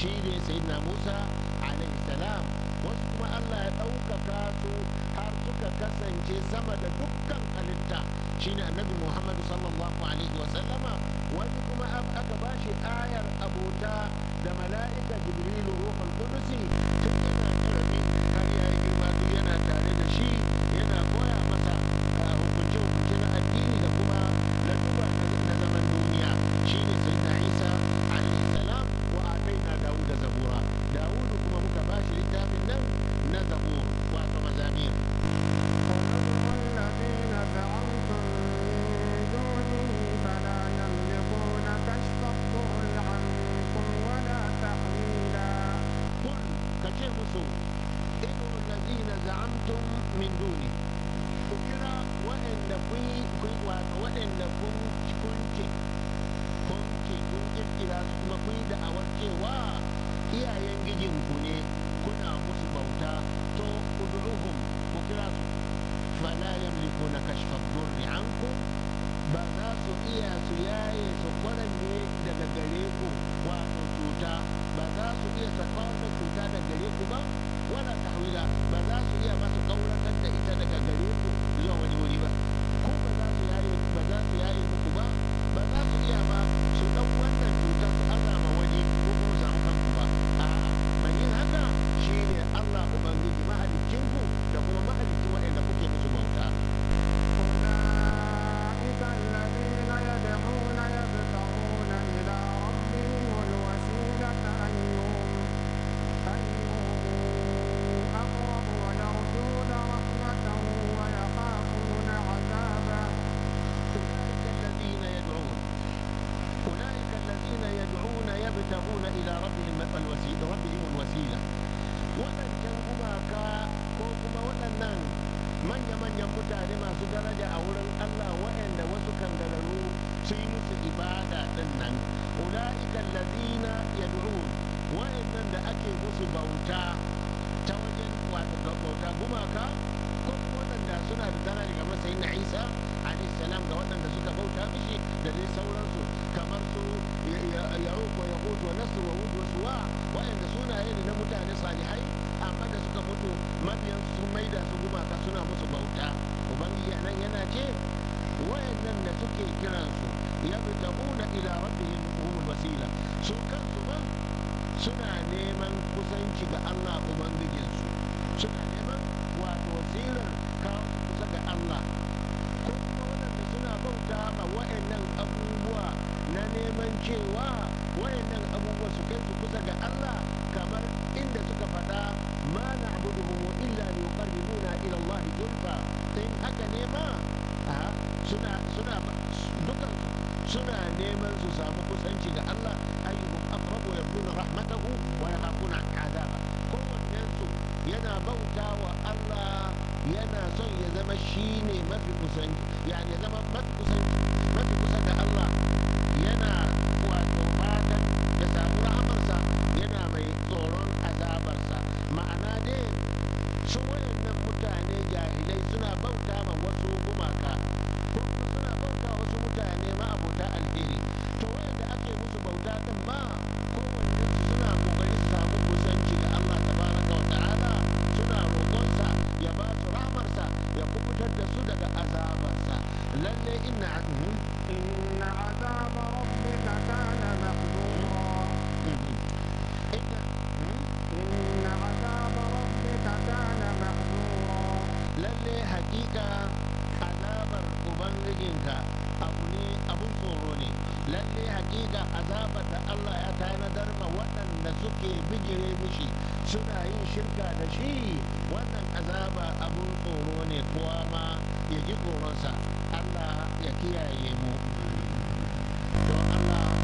shi ne sayyidina musa alaihi salam wasu kuma allah ya ɗaukaka su har suka kasance sama da dukkan halitta shine annabi muhammadu sallallahu alaihi wasallama wasu kuma aka ba shi ayar abota da mala'ika jibrilu irin الذين زعمتم من دونه ku kira waɗanda kun yi kun wata waɗanda kun kunce kunce kun kirkira su kuma kun yi da'awar cewa iyayen gijinku ne kuna manya-manyan mutane masu daraja a wurin Allah waɗanda wasu kangararru su yi musu ibada din nan ula'ika allazina yad'un waɗannan da ake musu bauta ta wajen wato bauta gumaka ko waɗanda suna da daraja kamar sayyidina Isa alaihi salam ga waɗanda suka bauta mishi da dai sauransu kamar su ya'uq wa yaqut wa nasr wa wud wa suwa waɗanda sunaye ne na mutane salihai amma da suka mutu mabiyan sun maida su yabtaguna ila rabbihim humul wasila su kansu ba suna neman kusanci ga Allah ubangijinsu suna neman wato wasilar kawo kusa ga Allah ko kuma waɗanda suna bauta ma wa'annan abubuwa na neman cewa wa'annan abubuwa su kai su kusa ga Allah kamar inda suka faɗa ma na abubuwa suna neman su samu kusanci ga Allah ayyuhum aqrabu yakuna rahmatahu wa yahquna azaba kowannen su yana bauta wa Allah yana son ya zama shine mafi kusanci yani zama mafi kusanci mafi kusa da Allah yana lalle hakika azabar ubangijinka abu ne abun tsoro ne lalle hakika azabar da Allah ya tanadar ma waɗanda suke bijire mishi suna yin shirka da shi wannan azaba abun tsoro ne kowa ma ya ji tsoronsa Allah ya kiyaye mu don Allah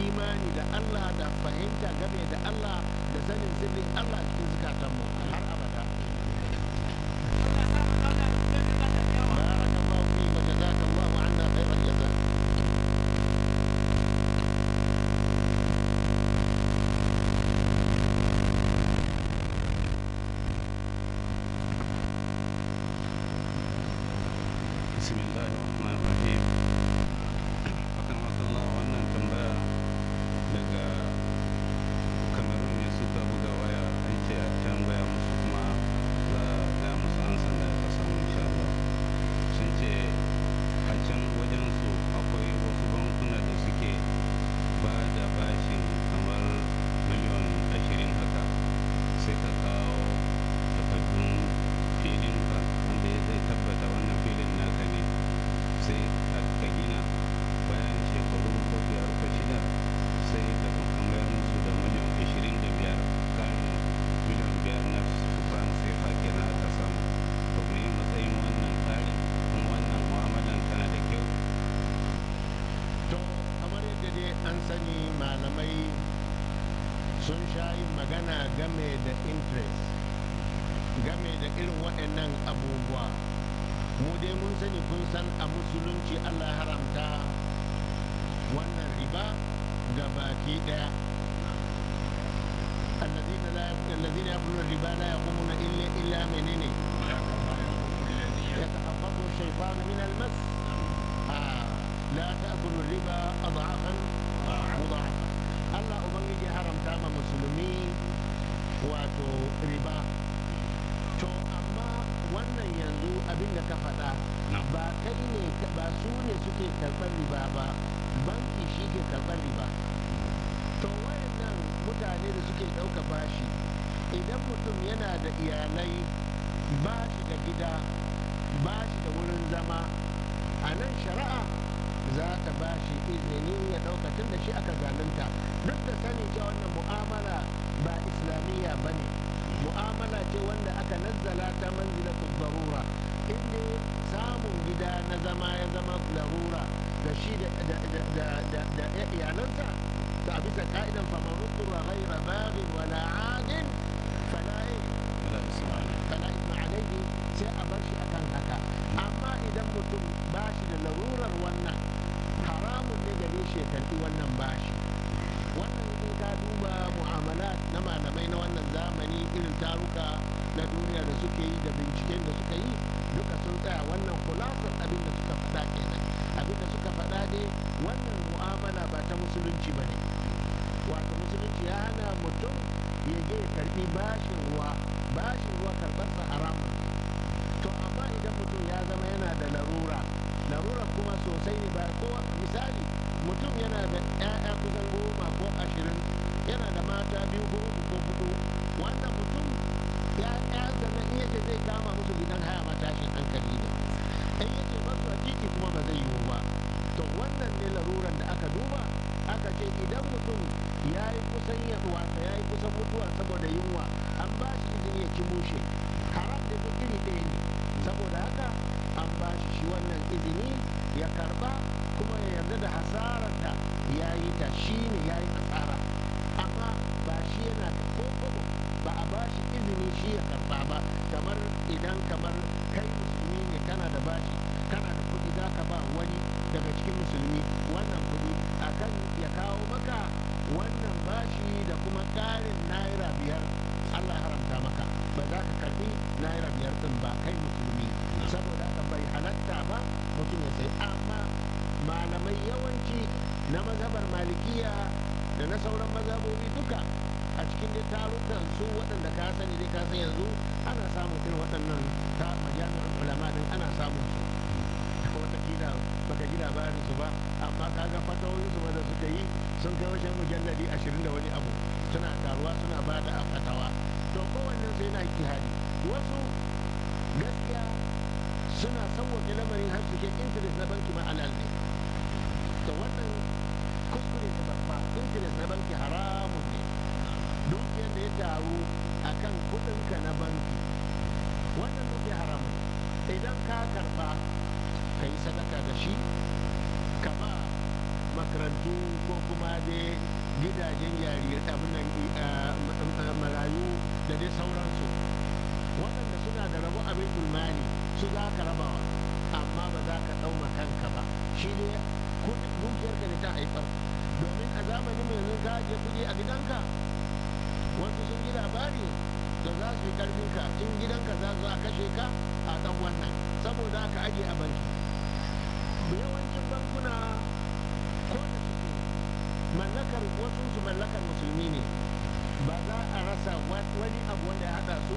imani da Allah da fahimta game da Allah da sanin sirrin Allah cikin zukatanmu har abada بسم الله الرحمن الرحيم an sani malamai sun sha yin magana game da interest game da irin waɗannan abubuwa mu dai mun sani kun san a musulunci allah haramta wannan riba ga baki ɗaya الذين يأكلون الربا لا يقومون إلا إلا منين يتخبطه الشيطان من المس آه لا تأكلوا الربا أضعافا mudha'afa Allah ubangiji haramta ma musulmi wato riba to amma wannan yanzu abin da ka faɗa ba kai ne ba su ne suke karɓar riba ba banki shi ke karɓar riba to wayannan mutane da suke ɗauka bashi idan mutum yana da iyalai ba shi da gida ba shi da wurin zama a nan shari'a za ta ba shi izini ya ɗauka tun da shi aka zalunta duk da sani cewa wannan mu'amala ba islamiyya ba ne mu'amala ce wanda aka nazzala ta manzilatul darura inda samun gida na zama ya zama larura da shi da iyalansa ta a bisa ka'idan faman rukura ghaira baghin wala adin fala'i fala isma alaihi sai a bar shi akan haka amma idan mutum ba shi da larura ce karbi wannan bashi wannan in ka duba mu'amalat na malamai na wannan zamani irin taruka na duniya da suke yi da binciken da suka yi duka sun tsaya wannan kulasar abin da suka faɗa kenan abin da suka faɗa dai wannan mu'amala ba ta musulunci ba ne wato musulunci ya hana mutum ya je ya karbi bashin ruwa bashin ruwa karɓarsa haramun to amma idan mutum ya zama yana da larura larura kuma sosai ne ba kowa misali mutum yana da 'ya'ya kusan goma ko ashirin yana da mata biyu ko uku ko hudu wannan mutum ya ƴansa na iya ce zai kama musu gidan haya ma tashin hankali ne in ya ce masu hakiki kuma ba zai yiwu ba to wannan ne laruran da aka duba aka ce idan mutum ya yi kusan yaduwa ta ya yi kusan mutuwa saboda yunwa an ba shi izini ya ci mushe haram da duk iri ɗaya ne saboda haka an ba shi shi wannan izini ya karba yi ta shi ne ya yi asara amma ba shi yana da kokobo ba a ba shi izini shi ya karba ba kamar idan kamar kai musulmi ne kana da bashi kana da kuɗi za ka ba wani daga cikin musulmi wannan kuɗi kan ya kawo maka wannan bashi da kuma ƙarin naira biyar allah haramta maka ba za ka karbi naira biyar ɗin ba kai musulmi saboda haka bai halatta ba mutum ya sai amma malamai yawanci na mazhabar malikiya da na sauran mazhabobi duka a cikin dai tarukan su waɗanda ka sani dai ka san yanzu ana samun irin waɗannan ta majami'ar ulama din ana samun su watakila baka ji labarin su ba amma kaga fatawoyin su da suka yi sun kai wajen mujalladi ashirin da wani abu suna taruwa suna ba da fatawa to kowannen su yana ijtihadi wasu gaskiya suna sauwake lamarin har su ke intanet na banki ma alal na banki haramun ne dukiyar da ya taru a kan kudinka na banki wannan ya haramun idan ka karba ka yi sadaka da shi ka ba makarantu ko kuma dai gidajen yari abinan eh, eh, marayu da dai sauransu waɗanda suna da rabo abin ulmani su za ka rabawa amma ba za ka ɗau kanka ba shi ne dukiyar da ta haifar domin zamani mai yanzu ka ajiye kuɗi a gidanka wasu sun yi labari da za su yi ka in gidanka za su a kashe ka a ɗan wannan saboda ka ajiye a banki yawancin bankuna ko da suke mallakar wasu su mallakar musulmi ne ba za a rasa wani abu wanda ya haɗa su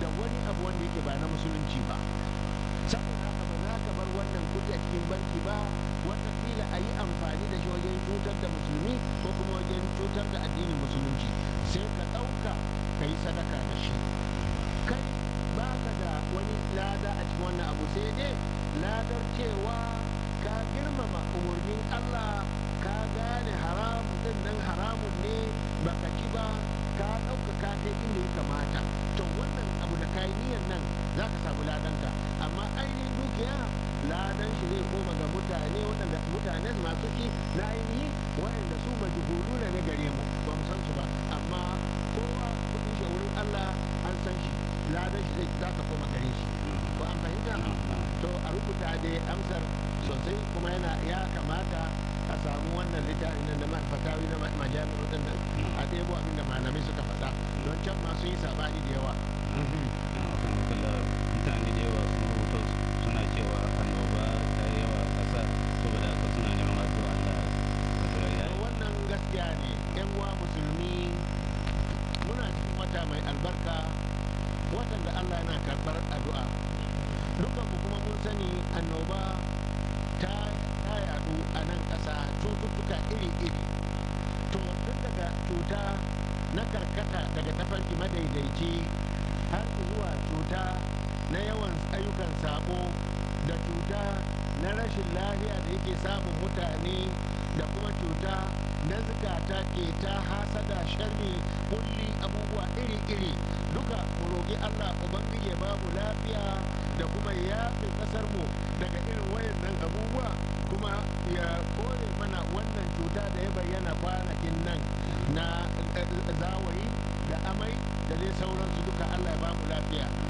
da wani abu wanda yake ba na musulunci ba saboda haka ba za ka bar wannan kuɗi a cikin banki ba wata fila a yi amfani sai ladar cewa ka girmama umarnin allah ka gane haramun din nan haramun ne baka ci ba ka ɗaukaka kai inda ya kamata to wannan abu da kayi niyan nan za ka samu ladanka amma ainihin dukiya ladan shi zai koma ga mutane waɗanda mutanen masu shi na ainihi waɗanda su majhulu na na gare mu ba mu san su ba amma kowa kuɗin shi wurin Allah an san shi ladan shi zai za ka koma gare shi rubuta dai amsar sosai kuma yana ya kamata a samu wannan littafin nan fatawi na majami'ar din nan a ɗebo abin da malamai suka faɗa don can masu yi sabani da yawa mutane da yawa sun rubuta suna cewa annoba ta yawa ƙasa saboda haka suna neman addu'a Allah wannan gaskiya ne yan uwa musulmi muna cikin wata mai albarka watan da Allah yana karɓar addu'a dukan faru a nan ƙasa cututtuka iri-iri to tun daga cuta na karkata daga tafarki madaidaici har zuwa cuta na yawan ayyukan sabo da cuta na rashin lafiya da yake samun mutane da kuma cuta na zikata ke ta hasada sharri kulli abubuwa iri-iri duka mu roƙi allah ubangiji ya lafiya da kuma yafe ƙasarmu daga irin ya kore mana wannan cuta da ya bayyana kwanakin nan na eh, eh, zawayi da amai da dai sauransu duka allah ya ba lafiya